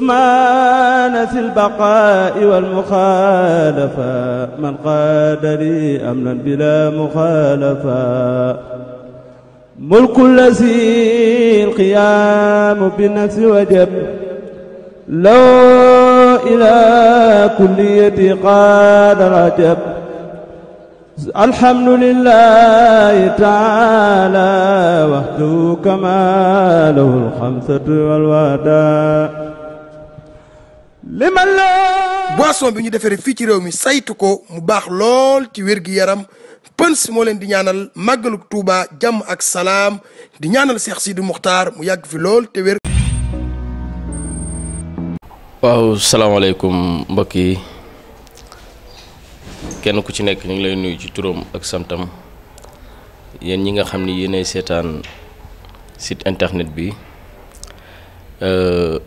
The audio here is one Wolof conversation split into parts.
سمانة البقاء والمخالفة من قاد لي أمنا بلا مخالفة ملك الذي القيام بالنفس وجب لو إلى كليتي قاد رجب الحمد لله تعالى وحده كما له الخمسة والوداء boisson bi ñu defaree fii ci réew mi saytu ko mu baax lool ci wér-gi-yaram pëns moo leen di ñaanal màggalu Tuuba jàmm ak salaam di ñaanal Cheikh Sidi Muxtaar mu yàgg fi lool te wér waaw salaamaaleykum mbokk yi kenn ku ci nekk ñu ngi lay nuyu ci turam ak santam yéen ñi nga xam ni yéenay seetaan site internet bi euh,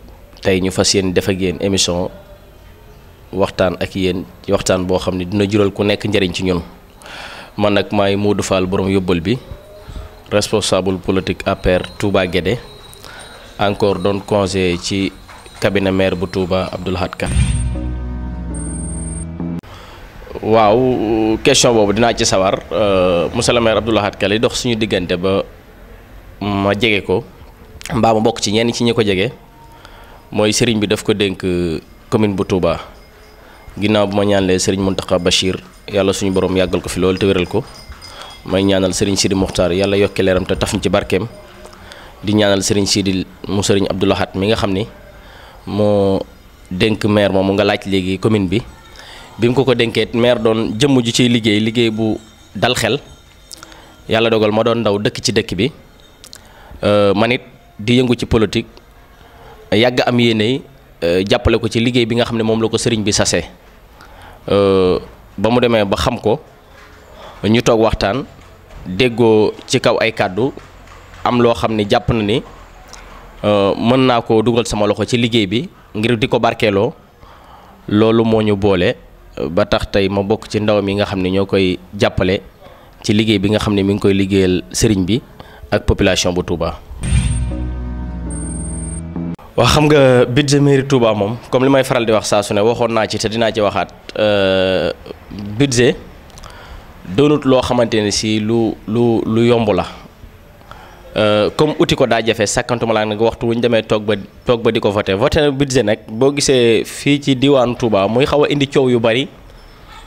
tay ñu fas yéen def ak yeen émission waxtaan ak yeen ci waxtaan bo xamni dina jural ku nekk njariñ ci ñun man nak may Modou Fall borom yóbbal bi responsable politique APR Touba Gédé encore don conseiller ci cabinet maire bu Touba Abdoul Lahad waaw question bobu dina ci sawar euh, monsieur le maire Abdoul Lahad li dox suñu digënté ba ma jégé ko mbaa ma bokk ci ñen ci ñi ko jégé moy serigne bi daf ko denk euh, commune bu Touba ginnaaw bu ma ñaanalee sëriñ Mountakha Bachir yàlla suñu borom yagal ko fi lol te wëral ko may ñaanal serigne Sidi Muxtaar yalla yokke leeram te taf ci barkem di ñaanal serigne Sidi mu serigne abdullah hat mi nga xamni mo denk maire moomu nga laaj legi commune bi bim ko ko dénkee maire don jëm ju ci liggéey liggéey bu dal xel yalla dogal ma don ndaw dekk ci dekk bi manit euh, manit di yëngu ci politique. yàgg am yéene euh, jàppale ko ci liggéey bi nga xam ne moom la ko sëriñ bi sase euh, ba mu demee ba xam ko ñu toog waxtaan déggoo ci kaw ay kàddu am loo xam ne jàpp na ni euh, mën naa ko dugal sama loxo ci liggéey bi ngir di ko barkeeloo loolu moo ñu boole ba tax tey ma bokk ci ndaw mi nga xam ne ñoo koy jàppale ci liggéey bi nga xam ne mu ngi koy liggéeyal sëriñ bi ak population bu tuubaa waa xam nga budget mairie Touba moom comme li may faral di wax saa su ne waxoon naa ci te dinaa ci waxaat euh, budget doonut loo xamante ne si lu lu lu yomb la euh, comme uti ko daa jafe sàkkantuma laa nag waxtu wu ñu demee toog ba toog ba di ko voté voté na nag boo gisee fii ci diwaanu Touba muy xaw a indi coow yu bari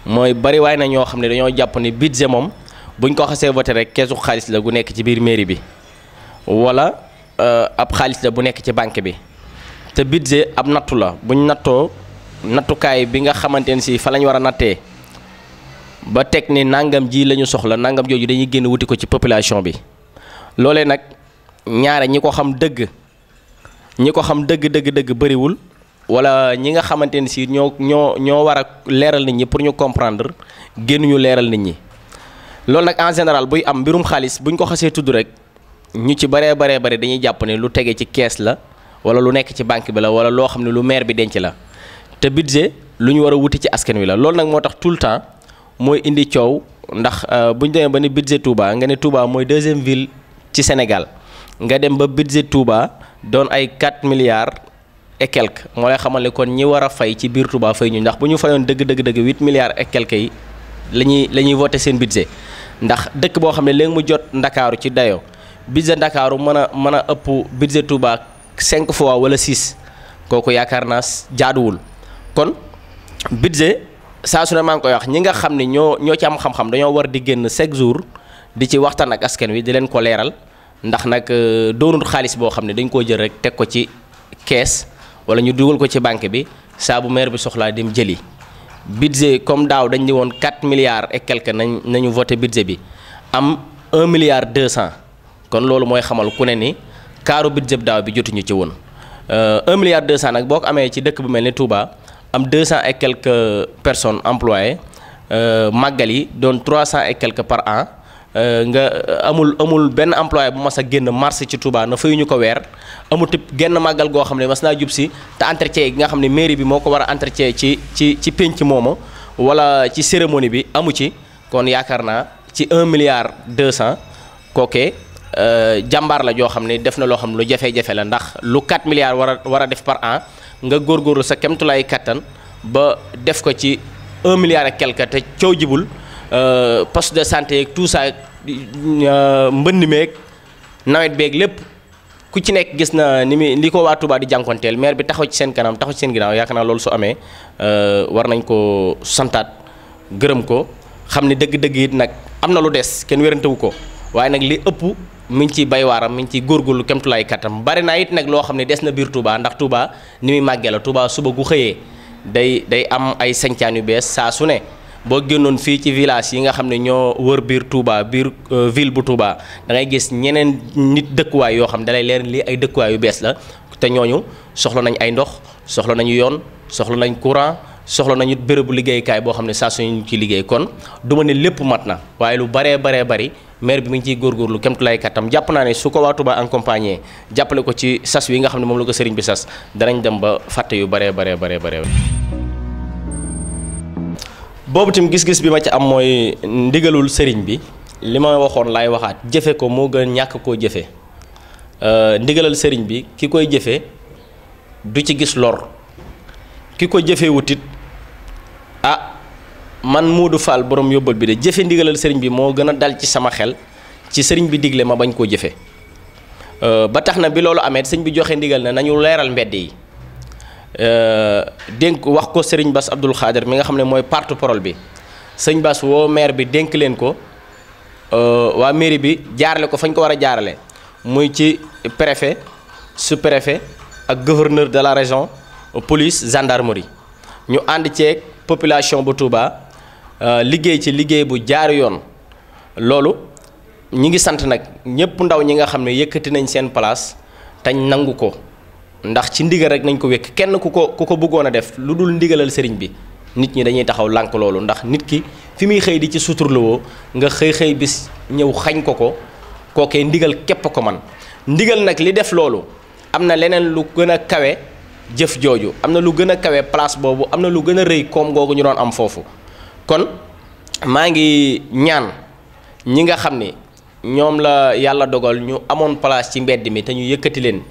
mooy bari waaye na ñoo xam ne dañoo jàpp ni budget moom buñ ko xasee voté rek keesu xaalis la gu nekk ci biir mairie bi wala euh, ab xaalis bu nekk ci banque bi. te budget ab nattu la buñ nattoo nattukaay bi nga xamante ne si fa lañu war a nattee ba teg ni nangam ji lañu soxla nangam jooju dañuy génn wuti ko ci population bi loolee nag ñaare ñi ko xam dëgg ñi ko xam dëgg dëgg dëgg bëriwul wala ñi nga xamante ne si ñoo ñoo ñoo war a leeral nit ñi pour ñu comprendre génnuñu leeral nit ñi loolu nag en général buy am mbirum xaalis buñ ko xasee tudd rek ñu ci baree baree bare dañuy jàpp ne lu tege ci kees la. wala lu nekk ci banque bi la wala loo xam ne lu maire bi denc la te budget lu ñu war a wuti ci askan wi la loolu nag moo tax tout le temps mooy indi coow ndax euh, bu ñu demee ba ni budget Touba nga ne Touba mooy deuxième ville ci Sénégal nga dem ba budget Touba doon ay 4 milliards et quelque moo lay xamal ne kon ñi war a fay ci biir Touba fay ñu ndax bu ñu fayoon dëgg dëgg dëgg 8 milliards et quelque yi la ñuy la ñuy voté seen budget ndax dëkk boo xam ne léegi mu jot ndakaaru ci dayoo budget ndakaaru mën a mën a ëpp budget Touba. cinq fois wala six kooku yaakaar naa jaaduwul kon budget saa su maa ngi koy wax ñi nga xam ne ñoo ñoo ci am xam-xam dañoo war di génn chaque jour di ci waxtaan ak askan wi di leen ko leeral ndax nag euh, doonul xaalis boo xam ne dañ ko jël rek teg ko ci kees wala ñu dugal ko ci banque bi saa bu maire bi soxlaa dem jëli. budget comme daaw dañu ne woon 4 milliards et quelque nañ nañu voté budget bi am 1 milliard 200 kon loolu mooy xamal ku ne ni. karu bi jeb daw bi jotu ñu ci woon 1 euh, milliard 200 nak bok amé ci dëkk bu melni Touba am 200 et quelques personnes employées euh magali don 300 et quelques par an euh nga amul amul ben employé bu mas a génn marché ci Touba na fay ñu ko weer amut genn màggal goo xam ne mas naa jub si entretien yi nga xamné mairie bi moko wara entretien ci ci ci penc momo wala ci cérémonie bi amu ci kon yakarna ci 1 milliard 200 kookee Euh, jàmbaar la joo xam ne def na loo xam ne lu jafe-jafe la ndax lu 4 milliards war a war a def par an nga góorgóorlu sa kemtulaay kattan ba def ko ci 1 ak quelque te coow jibul euh, poste de santé yeeg tout ça euh, mbënd meeg nawet beeg lépp ku ci nekk gis na ni muy li ko waa Touba di jànkonteel maire bi taxaw ci seen kanam taxaw ci seen ginnaaw yaakaar naa loolu su amee war nañ ko santaat gërëm ko xam ni dëgg-dëgg it nag am na lu des kenn wérantewu ko waaye nag li ëpp mi ngi ciy bay waaram mi ngi ciy góorgóorlu kemtulaay kattam bari naa it nag loo xam ne des na biir Touba ndax Touba ni muy màggee la Touba suba gu xëyee day day am ay sañcaan yu bees saa su ne boo génnoon fii ci village yi nga xam ne ñoo wër biir Touba biir euh, ville bu Touba dangay gis ñeneen nit dëkkuwaay yoo xam ne dalay leer lii ay dëkkuwaay yu bees la te ñooñu soxla nañu ay ndox soxla nañu yoon soxla nañ courant. soxla nañu bérébu liggéeykaay boo xam ne saa suñu ci liggéey kon du ma ne lépp mat na waaye lu baree baree bari maire bi mi ngi ciy lu kémtu lay kattam jàpp naa ne su ko waa Touba accompagné jàppale ko ci sas wi nga xam ne moom la ko sëriñ bi sas danañ dem ba fàtte yu baree bare baree baree boobu tam gis-gis bi ma ci am mooy ndigalul sëriñ bi li ma waxoon laay waxaat jëfe ko moo gën ñàkk koo jëfe euh, ndigalal sëriñ bi ki koy jëfe du ci gis lor ki ko jëfewut ah man Modou Fall borom yóbbal bi de jëfe ndigalal sëriñ bi moo gën a dal ci sama xel ci sëriñ bi digle ma bañ koo jëfe euh, ba tax na bi loolu amee sëñ bi joxe ndigal na nañu leeral mbedd yi euh, dénk wax ko sëriñ Bass Abdoul Khadir mi nga xam ne mooy porte-parole bi sëñ Bass woo maire bi dénk leen ko euh, waa mairie bi jaarale ko fañ ko war a jaarale muy ci préfet sous-préfet ak gouverneur de la région police gendarmerie ñu ànd ceeg. population bu Touba euh, liggéey ci liggéey bu jaar yoon loolu ñi ngi sant nag ñëpp ndaw ñi nga xam ne yëkkati nañ seen place tañ nangu ko ndax ci ndigal rek nañ ko wékk kenn ku ko ku ko bëggoon a def lu dul ndigalal sëriñ bi nit ñi dañuy taxaw lànk ndax nit ki fi muy xëy di ci suturlawoo nga xëy xëy bis ñëw xañ ko ko kookee ndigal képp ko man ndigal nag li def loolu am na leneen lu gën a kawe jëf jooju am na lu gën a kawe place boobu am na lu gën a rëy koom googu ñu doon am foofu kon maa ngi ñaan ñi nga xam ni ñoom la yàlla dogal ñu amoon place ci mbedd mi te ñu yëkkati leen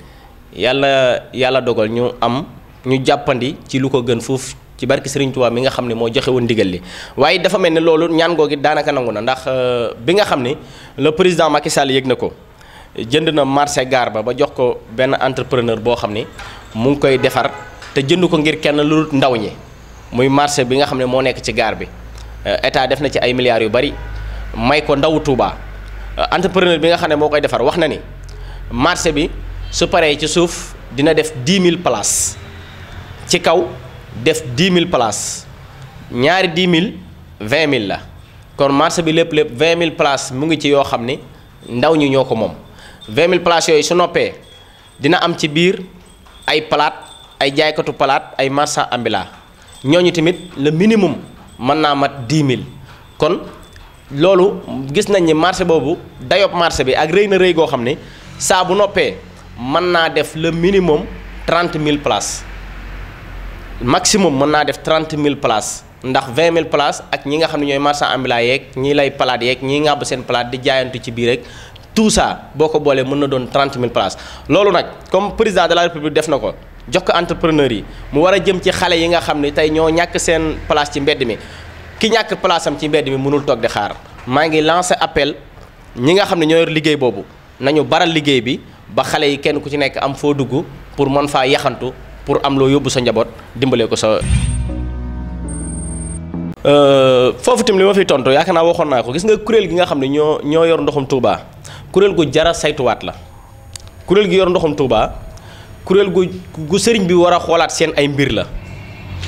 yàlla yàlla dogal ñu am ñu jàppandi ci lu ko gën foofu ci barki Serigne Touba mi nga xam ne moo joxe woon ndigal li waaye dafa mel ne loolu ñaan googu daanaka nangu na ndax euh, bi nga xam ni le président Macky Sall yëg na ko jënd na marché gaar ba ba jox ko benn entrepreneur boo xam ni mu ngi koy defar te jënd ko ngir kenn lu ndaw ñi muy marché bi nga xam ne moo nekk ci gaar bi euh, état def na ci ay milliards yu bari may ko ndawu Touba euh, entrepreneur bi nga xam ne moo koy defar wax na ni marché bi su paree ci suuf dina def 10 000 places ci kaw def 10 000 places ñaari 10 000 20 000 la kon marché bi lépp lépp 20 000 places mu ngi ci yoo xam ni ndaw ñi ñoo ko moom 20 000 places yooyu su noppee dina am ci biir. ay plat ay jaaykatu plat ay massa ambila ñoñu timit le minimum man na mat 10000 kon lolu gis nañ ni marché bobu dayop marché bi ak reyna rey go goo sa bu noppé man na def le minimum 30000 place maximum man na def 30000 place ndax 20000 place ak ñi nga xamni ñoy ñooy marchand ambulant yeeg ñii lay yek ñi nga bu sen plat di jaayantu ci bi rek tout ça boko bolé mëna doon 30000 places lolu nak comme président de la république def nako jokk entrepreneur yi mu wara jëm ci xalé yi nga xamné tay ño ñak seen place ci mbéd mi ki ñak place am ci mbéd mi mënul tok de xaar ma ngi lancer appel ñi nga xamné ñoy liggéey bobu nañu baral liggéey bi ba xalé yi kenn ku ci nekk am fo duggu pour mën fa yaxantu pour am lo yobbu sa njabot dimbalé ko sa euh fofu tim ma fi tonto yakana waxon na ko gis nga kurel gi nga xamni ño ño yor ndoxum touba kuréel gu jara saytuwaat la kuréel gi yor ndoxum Touba kuréel gu gu sëriñ bi war a xoolaat seen ay mbir la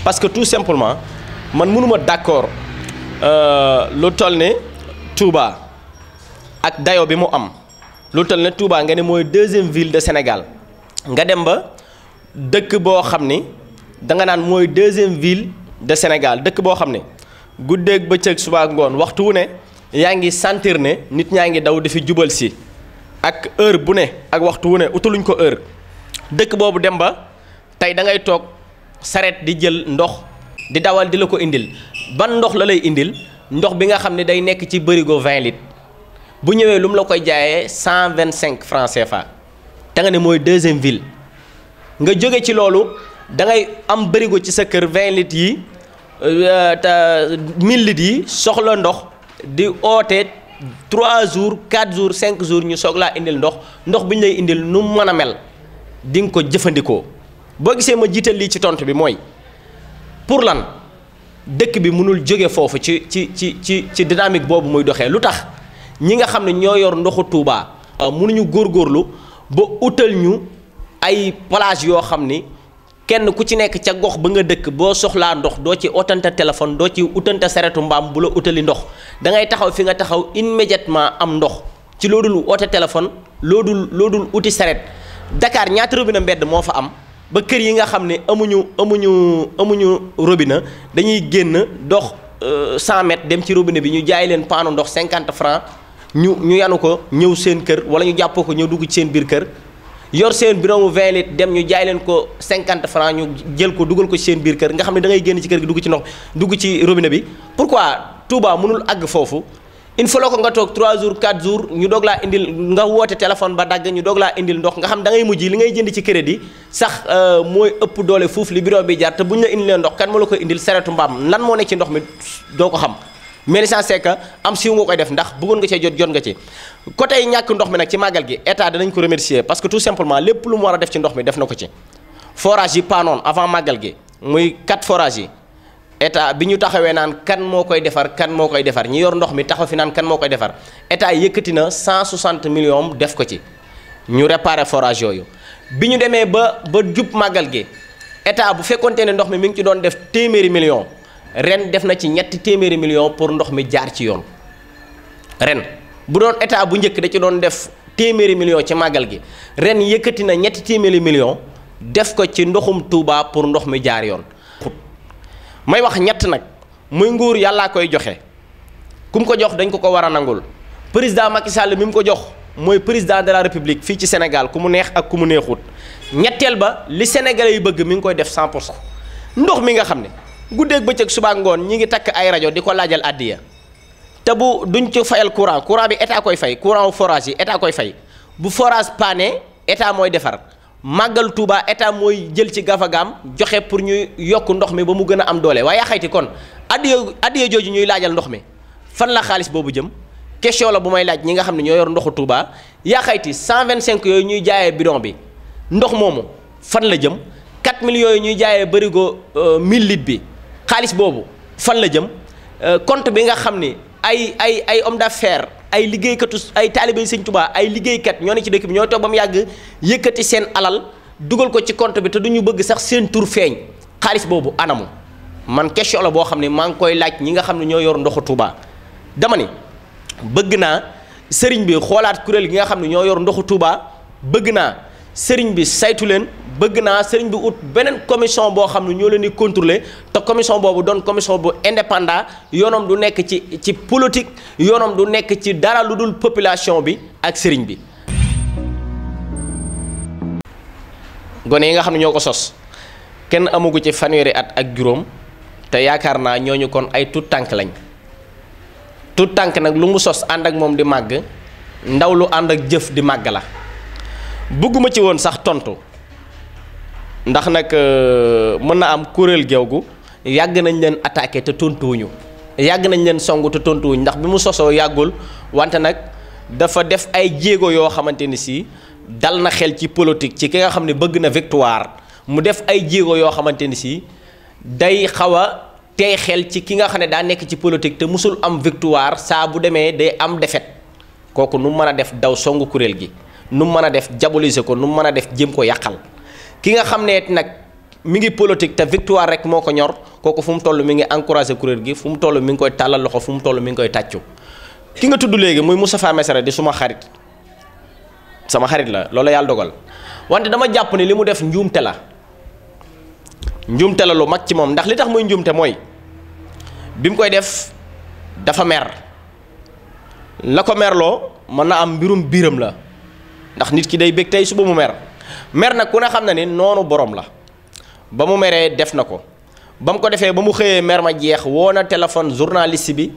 parce que tout simplement man mënuma d'accord euh, lu toll ne Touba ak dayo bi mu am lu toll ne Touba nga ne mooy deuxième ville de Sénégal nga dem ba dëkk boo xam ni danga naan mooy deuxième ville de Sénégal dëkk boo xam ne ba bëccëg subaak ngoon waxtu wu ne yaa ngi sentir ne nit ñaa ngi daw dafi jubal si ak heure bu ne ak waxtu wu ne utaluñ ko heure dëkk boobu dem ba tey da ngay toog saret di jël ndox di dawal di la ko indil ban ndox la lay indil ndox bi nga xam ne day nekk ci bërigo 20 litres bu ñëwee lu mu la koy jaayee vingt francs CFA te tanga ne mooy deuxième ville nga jóge ci loolu da ngay am bërigo ci sa kër 20 yi euh, te 1000 yi soxla ndox. di oote trois jours quatre jours cinq jours ñu soog laa indil ndox ndox bi ñu lay indil nu mën a mel di nga ko jëfandikoo boo gisee ma jiital lii ci tontu bi mooy pour lan dëkk bi mënul jóge foofu ci ci ci ci ci dynamique boobu muy doxee lu tax ñi nga xam ne ñoo yor ndoxu Touba mënuñu góorlu ba utal ñu ay plage yoo xam ni kenn ku ci nekk ca gox ba nga dëkk boo soxlaa ndox doo ci otante téléphone doo ci utante saretu mbaam bu la utali ndox dangay taxaw fi nga taxaw immédiatement am ndox ci loo dul oote téléphone loo dul loo dul uti saret Dakar ñaata robinet mbedd moo fa am ba kër yi nga xam ne amuñu amuñu amuñu robinet dañuy génn dox 100 euh, mètres dem ci robinet bi ñu jaay leen paanu ndox 50 francs ñu ñu yanu ko ñëw seen kër wala ñu jàppoo ko ñëw dugg ci seen biir kër yor seen bureau mu vingt litres dem ñu jaay leen ko cinquante francs ñu jël ko dugal ko ci seen biir kër nga xam ne da ngay génn ci kër gi dugg ci ndox dugg ci robinet bi pour pourquoi Touba mënul àgg foofu il faut ko nga toog 3 jours 4 jours ñu doog laa indil nga woote téléphone ba dagg ñu doog laa indil ndox nga xam dangay ngay mujj li ngay jënd ci crédit sax euh, mooy ëpp doole fuuf li bureau bi jar te ñu la indilee ndox kan moo la koy indil seretu mbaam lan moo ne ci ndox mi doo ko xam mais l'essence c'est que am siiw koy def ndax bëggoon nga cee jot jot nga ci côté ñàkk ndox mi nag ci màggal gi état danañ ko remercier parce que tout simplement lépp lu mu war a def ci ndox mi def na ko ci forage yi paanoon avant màggal gi muy quatre forage yi état bi ñu taxawee naan kan moo koy defar kan moo koy defar ñi yor ndox mi taxaw fi naan kan moo koy defar état yëkkati na 160 millions def ko ci ñu réparer forage yooyu bi ñu demee ba ba jub màggal gi état bu fekkonte ne ndox mi mu ngi ci doon def téeméeri millions ren def na ci ñetti téeméeri million pour ndox mi jaar ci yoon ren bu doon état bu njëkk da ci doon def téeméeri million ci màggal gi ren yëkkati na ñetti téeméeri million def ko ci ndoxum Touba pour ndox mi jaar yoon may wax ñett nag muy nguur yàllaa koy joxe ku mu ko jox dañ ko ko war a nangul président Macky Sall mi mu ko jox mooy président de la république fii ci Sénégal ku mu neex ak ku mu neexut ñetteel ba li sénégalais yu bëgg mi ngi koy def 100 pour cent ndox mi nga xam ne guddeeg bëccëg suba ngoon ñi ngi takk ay rajo di ko laajal addiya te bu duñ ci fayal courant courant bi état koy fay courant forage yi état koy fay bu forage paane état mooy defar màggal Touba état mooy jël ci gafagaam joxe pour ñuy yokk ndox mi ba mu gën a am doole waaye yaa xayti kon addiya addiya jooju ñuy laajal ndox mi fan la xaalis boobu jëm question la bu may laaj ñi nga xam ne ñoo yor ndoxu Touba yaa xayti 125 yooyu ñuy jaayee bidon bi ndox moomu fan la jëm 4 millions yooyu ñuy jaayee bërigo 1000 euh, litres bi. xaalis boobu fan la jëm euh, compte bi nga xam ni ay ay ay homme d'affaires ay liggéeykatu ay taalibe Sëñ tubaa ay liggéeykat ñoo ne ci dëkk bi ñoo toog ba mu yàgg yëkkati seen alal dugal ko ci compte bi te du ñu bëgg sax seen tur feeñ xaalis boobu anamu man question la boo xam ne maa ngi koy laaj ñi nga xam ne ñoo yor ndoxu Touba dama ni bëgg naa sëriñ bi xoolaat kuréel gi nga xam ne ñoo yor ndoxu Touba bëgg naa sëriñ bi saytu leen. bëgg naa sëriñ bu ut beneen commission boo xam ne ñoo leen di contrôler te commission boobu doon commission bu indépendant yoonam du nekk ci ci politique yoonam du nekk ci dara lu dul population bi ak sëriñ bi. gone yi nga xam ne ñoo ko sos kenn amugu ci fanweeri at ak juróom te yaakaar naa ñooñu kon ay tut tànk lañ tut tànk nag lu mu sos ànd ak moom di màgg ndaw lu ànd ak jëf di màgg la bëgguma ci woon sax tontu. ndax nag euh, mën na am kuréel geewgu yàgg nañ leen attaqué te tontuwuñu yàgg nañ leen songu te tontuwuñu ndax bi mu sosoo yàggul wante nag dafa def ay jéego yoo xamante ni si dal na xel ci politique ci ki nga xam ne bëgg na victoire mu def ay jéego yoo xamante ni si day xaw a tey xel ci ki nga xam ne daa nekk ci politique te musul am victoire saa bu demee day am défaite kooku nu mën a def daw songu kuréel gi nu mën a def diaboliser ko nu mën a def jéem ko yàqal ki nga xam ne nag mu ngi politique te victoire rek moo ko ñor kooku fu mu toll mi ngi encouragé kuréel gi fu mu toll mi ngi koy tàllal loxo fu mu toll mu ngi koy tàccu ki nga tudd léegi muy Moustapha Messere di suma xarit sama xarit la loolu yàlla dogal wante dama jàpp ne li mu def njuumte la njuumte la lu mag ci moom ndax li tax muy njuumte mooy bi mu koy def dafa mer la ko merloo mën na am mbirum biiram la ndax nit ki day bég tey suba mu mer. mer nag ku ne xam na ni noonu boroom la ba mu meree def na ko ba mu ko defee ba mu xëyee mer ma jeex woo na téléphone journaliste bi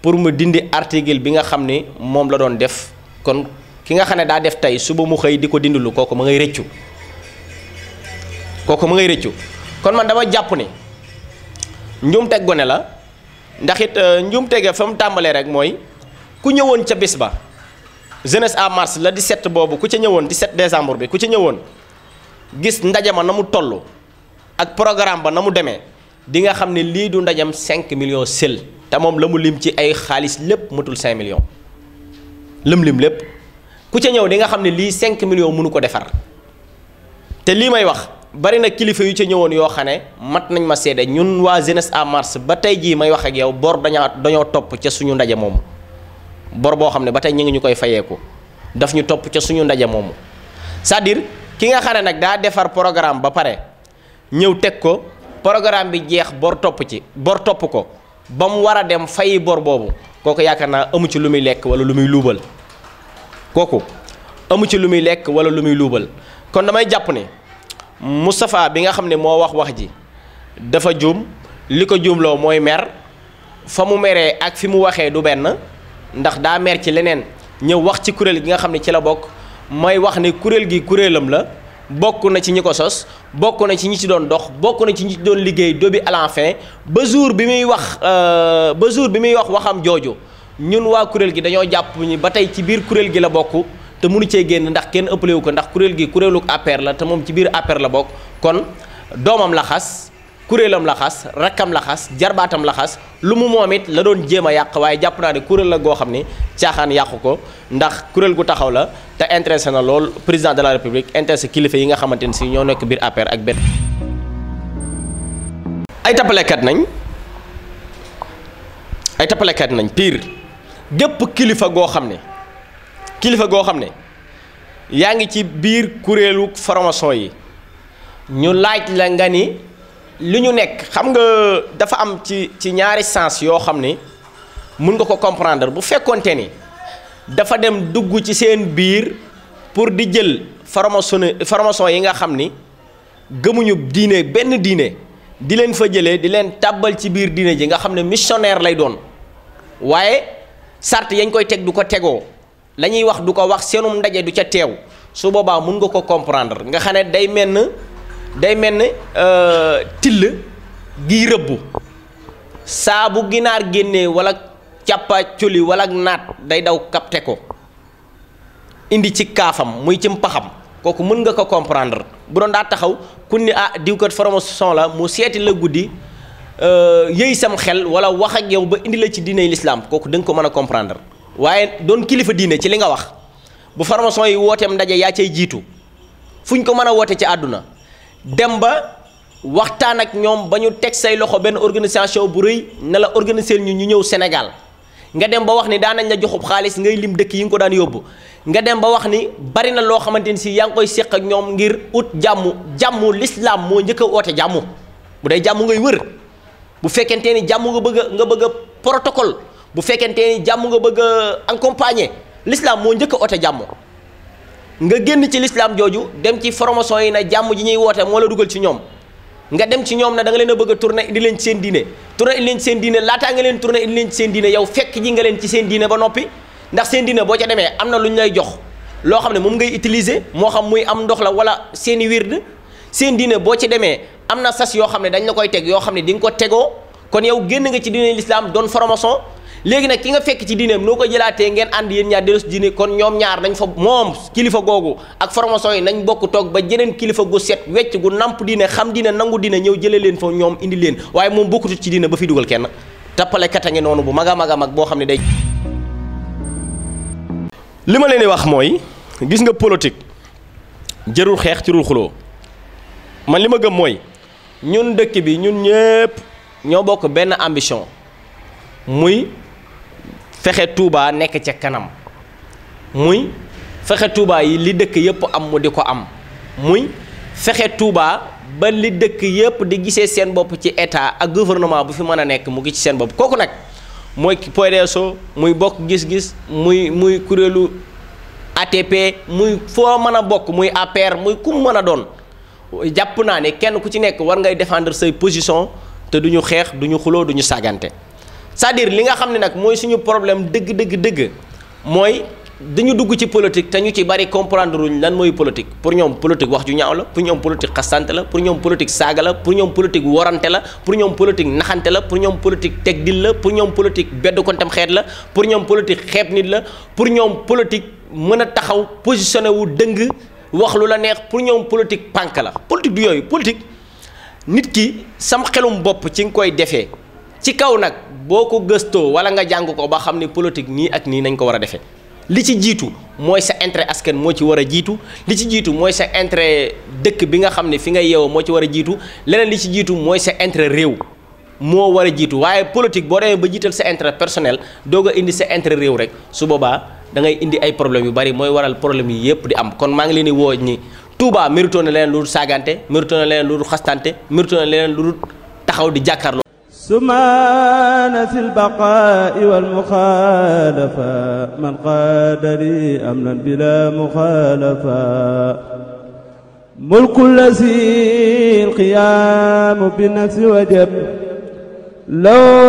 pour mu dindi article bi nga xam ni moom la doon def kon ki nga xam ne daa def tey suba mu xëy di ko dindilu kooku ma ngay rëccu kooku ma ngay rëccu kon man dama jàpp ni teg gone la ndax it euh, njuumte ga fa mu tàmbalee rek mooy ku ñëwoon ca bis ba jeunesse à mars la 17 bobu ku ci ñewoon 17 décembre bi ku ci ñewoon gis ndajama ma na mu toll ak programme ba na mu demee di nga xamné li du ndajam 5 millions sel ta mom lamu lim ci ay xaalis lepp mutul 5 millions lim lim lepp ku ci ñew di nga xamné li 5 millions mënu ko defar té li may wax bari na kilifa yu ci ñewoon yo xane mat nañ ma sédé ñun wa jeunesse à mars ba tay ji may wax ak yow bor dañaa dañoo top ci suñu ndaje moomu bor bo xamne batay ñi ngi ñukoy fayeku daf ñu top ci suñu ndaje mom c'est-à-dire ki nga xane nak da defar programme ba paré ñew tek ko programme bi jeex bor top ci bor top ko bam wara dem fayi bor bobu koku yakarna amu ci lu muy lekk wala lu muy luubal amu ci lu muy lekk wala lu muy luubal kon damay japp ne mustafa bi nga xamne mo wax wax ji dafa joom liko joom lo moy mer famu mere ak fimu waxe du ben ndax daa mer ci leneen ñëw wax ci kuréel gi nga xam ne ci la bokk mooy wax ne kuréel gi kuréelam la bokk na ci ñi ko sos bokk na ci ñi ci doon dox bokk na ci ñi ci doon liggéey dobi à la fin ba jour bi muy wax euh, ba jour bi muy wax waxam jooju ñun waa kuréel gi dañoo jàpp ñi ba tey ci biir kuréel gi la bokk te mënu cee génn ndax kenn ëppalewu ko ndax kuréel gi kuréeluk APR la te moom ci biir APR la bokk kon doomam laxas Kurelam la khas rakam la khas lumu la khas lu mu moom la doon jema yak waye japp na ni kurel la go xamni ni caaxaan ko ndax kurel gu taxaw la te intéressé na lol président de la république intéressé kilifa yi nga xamanteni ni si ñoo nek bir APR ak benn. ay kat nañ ay kat nañ pire gep kilifa go xamni kilifa go xamni yaangi ci bir kurelu formation yi ñu laaj la nga ni. li ñu nekk xam nga dafa am ci ci ñaari sens yoo xam ni mun nga ko comprendre bu fekkonte ni dafa dem dugg ci seen biir pour di jël formation faramason yi nga xam ni gëmuñu diine benn diine di leen fa jëlee di leen tàbbal ci biir diine ji nga xam ne missionnaire lay doon waaye sart yañ koy teg du ko tegoo la ñuy wax du ko wax seenum ndaje du ca teew su boobaa mun nga ko comprendre nga xam ne day mel day melni euh til gi rëbbu sa bu ginar genné wala ciapa cioli wala nat day daw capté ko indi ci kafam, muy ci mpaxam koku mën nga ko comprendre bu doon daa taxaw kunni ni ah diw kat formation la mu le goudi euh sam xel wala wax ak yow ba indi la ci diné l'islam koku da ko mëna comprendre waye don kilifa diné ci li nga wax bu formation yi wotem ndaje ya cey jitu fuñ ko mëna woté ci aduna dem ba waxtaan ak ñoom ba ñu teg say loxo benn organisation bu rëy na la organiser ñu ñu ñëw Sénégal nga dem ba wax ni daanañ la joxub xaalis ngay lim dëkk yi nga ko daan yóbbu nga dem ba wax ni bari na loo xamante ni si yaa ngi koy séq ak ñoom ngir ut jàmm jàmm lislaam moo njëkk a oote jàmm bu dee jàmm ngay wër bu fekkente ni jàmm nga bëgg a nga bëgg a protocole bu fekkente ni jàmm nga bëgg a lislaam moo njëkk a oote jàmm nga génn ci lislaam jooju dem ci formation yi na jàmm ji ñuy woote moo la dugal ci ñoom nga dem ci ñoom na da nga leen a bëgg a tourné indi leen ci seen diine tourné indi leen ci seen diine laataa nga leen tourné indi leen ci seen diine yow fekk ji nga leen ci seen diine ba noppi ndax seen diine boo ca demee am na lu ñu lay jox loo xam ne moom ngay utiliser moo xam muy am ndox la wala seeni wird seen diine boo ci demee am na sas yoo xam ne dañ la koy teg yoo xam ne di nga ko tegoo kon yow génn nga ci diine lislaam doon formation léegi nag ki nga fekk ci diineem noo ko jëlaatee ngeen ànd yéen ñaar delus diine kon ñoom ñaar nañ fa moom kilifa googu ak formation yi nañ bokk toog ba jeneen kilifa gu set wecc gu namp diine xam diine nangu diine ñëw jëlee leen fa ñoom indi leen waaye moom bokkutut ci diine ba fi dugal kenn tappale kat a ngi noonu bu mag a mag boo xam ne day li ma leen di wax mooy gis nga politique jërul xeex ci rul man li ma gëm mooy ñun dëkk bi ñun ñëpp ñoo bokk benn ambition muy fexé touba nek ci kanam muy fexé touba yi li dëkk yépp am mu diko am muy fexé touba ba li dëkk yépp di gisé seen bop ci état ak gouvernement bu fi mëna a mu gi ci seen bop koku nak moy PDSO muy bok gis-gis muy muy kurelu ATP muy fo mëna bok muy APR muy kum mëna don japp na né kenn ku ci nek war ngay défendre say position te duñu xeex duñu xulo duñu saganté sa à li nga xam ne nag mooy suñu problème dëgg dëgg dëgg mooy dañu dugg ci politique te ñu ci bari comprendre wuñ lan mooy politique pour ñoom politique wax ju ñaaw la pour ñoom politique xastante la pour ñoom politique saaga la pour ñoom politique warante la pour ñoom politique naxante la pour ñoom politique teg dil la pour ñoom politique beddu kontam xeet la pour ñoom politique xeeb nit la pour ñoom politique mën a taxaw positionné wu dëng wax lu la neex pour ñoom politique pànk la politique du yooyu politique nit ki sam xelum bopp ci nga koy defee ci kaw nag boo ko gëstoo wala nga jàng ko ba xam ni politique nii ak nii nañ ko war a defee li ci jiitu mooy sa intérêt askan moo ci war a jiitu li ci jiitu mooy sa intérêt dëkk bi nga xam ne fi nga yeewoo moo ci war a jiitu leneen li ci jiitu mooy sa intérêt réew moo war a jiitu waaye politique boo demee ba jiital sa intérêt personnel doog a indi sa intérêt réew rek su boobaa da indi ay problèmes yu bari mooy waral problème yi yëpp di am kon maa ngi leen di woo ni Touba mérito na leneen lu dul saagante mérito na leneen lu dul xastante mérito na leneen lu dul taxaw di jàkkaarloo. سمانة البقاء والمخالفة من قاد لي أمنا بلا مخالفة ملك الذي القيام بالنفس وجب لو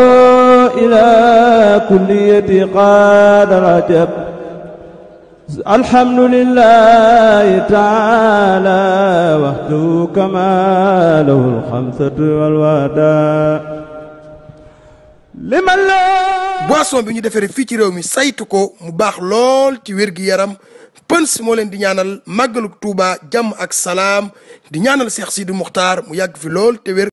إلى كليتي قاد رجب الحمد لله تعالى وحده كما له الخمسة والوداء boisson bi ñu defaree fii ci réew mi saytu ko mu baax lool ci wér-gi-yaram pëns moo leen di ñaanal màggaluk Tuuba jàmm ak salaam di ñaanal Seex Sidi Muxtaar mu yàgg fi lool te wér